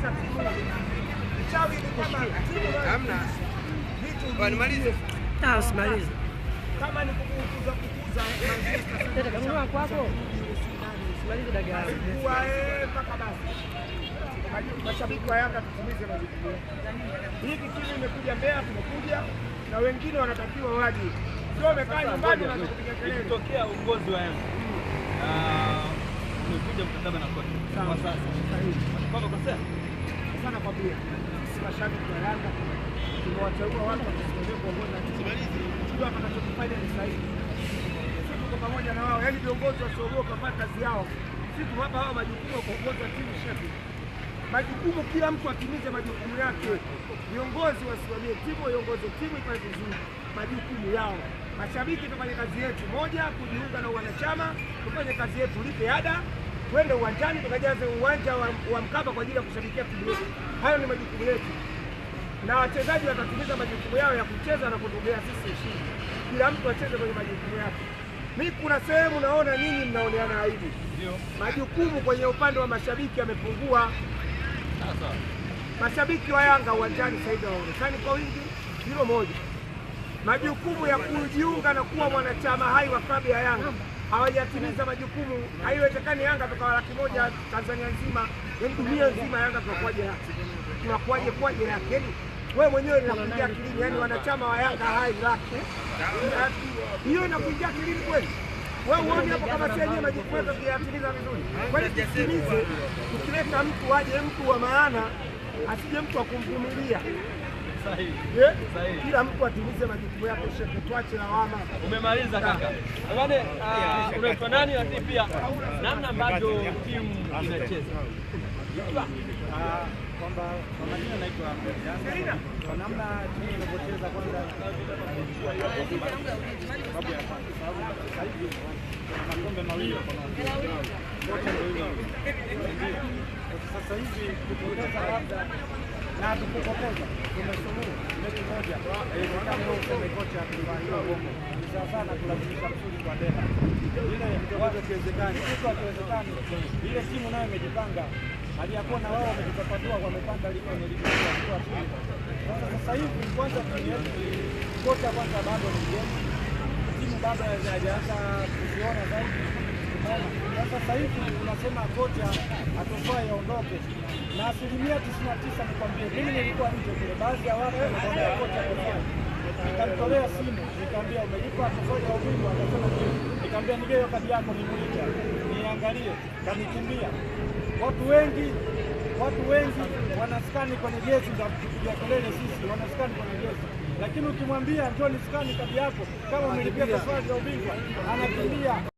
usimalize kama mashabiki wa Yanga tutumize majukumu. Hii timu imekuja Mbeya, tumekuja na wengine wanatakiwa waje, sio wamekaa nyumbani wanakupiga Ikitokea uongozi wa Yanga uh, umekuja mkataba na kocha kwa sasa, kwamba kosea sana kwa Sisi mashabiki wa Yanga watu watusimamie kuongoza ni sahihi. Tuko pamoja na wao, yaani viongozi wasiogopa kufanya kazi yao. Sisi majukumu ya kuongoza timu majukumu, kila mtu atimize majukumu yake. Viongozi wasimamie timu, waiongoze timu ifanye vizuri majukumu yao. Mashabiki tufanye kazi yetu moja, kujiunga na wanachama, tufanye kazi yetu, lipe ada twende uwanjani tukajaze uwanja wa, wa Mkapa kwa ajili ya kushabikia timu yetu. Hayo ni majukumu yetu, na wachezaji watatimiza majukumu yao ya kucheza na kutumbea sisi ushindi. Kila mtu acheze kwenye majukumu yake. Mi kuna sehemu naona nyinyi mnaoneana aibu, majukumu kwenye upande wa mashabiki yamepungua. Mashabiki wa Yanga uwanjani sasa hivi hawaonekani kwa wingi, hilo moja majukumu ya kujiunga na kuwa mwanachama hai wa klabu ya Yanga hawajatimiza majukumu. Haiwezekani Yanga tukawa laki moja Tanzania nzima, yani dunia nzima, Yanga tunakuwaje laki tunakuwaje kwaje laki? Yaani wewe mwenyewe inakuingia akilini? yani wanachama wa Yanga hai laki hiyo inakuingia akilini kweli? Wewe uone hapo kama si yenyewe majukumu yetu kuyatimiza vizuri kwani? Tutimize, tukileta mtu aje mtu wa maana, asije mtu akumvumilia kila mtu atimize majukumu yake, shekhe, tuache lawama. Umemaliza kaka. Bwana, unaitwa nani lakini pia namna ambavyo timu inacheza? kwamba kwa majina naitwa kwa namna timu inavyocheza kwanza, sababu ya sababu sasa hivi kuna makombe mawili sasa hivi kupoteza labda na tukupokoza tumesuluhu mechi moja mekocha sawa sana, kulazimisha msuri kwa dela ile watu kitu akiwezekani, ile timu nayo imejipanga aliyakuwa na wao wamejipapandua, wamepanda kwenye ligi ya pili. Sasa hivi kwanza kocha kwanza bado ni mgeni, timu bado hajaanza kuziona zaidi sasa hivi unasema kocha atofaa yaondoke, na asilimia tisini na tisa nikwambie, mimi nilikuwa nje kule, baadhi ya watu wanataka kocha atofaa. Nikamtolea simu nikamwambia, umejipa atofaa ya ubingwa? Akasema ndio. Nikamwambia hiyo kadi yako nimuite niangalie, kanikimbia. Watu wengi watu wengi wanaskani kwenye jezi za kupiga kelele, sisi wanaskani kwenye jezi lakini ukimwambia njoo nisikani kadi yako, kama umelipia tofali ya ubingwa, anakimbia.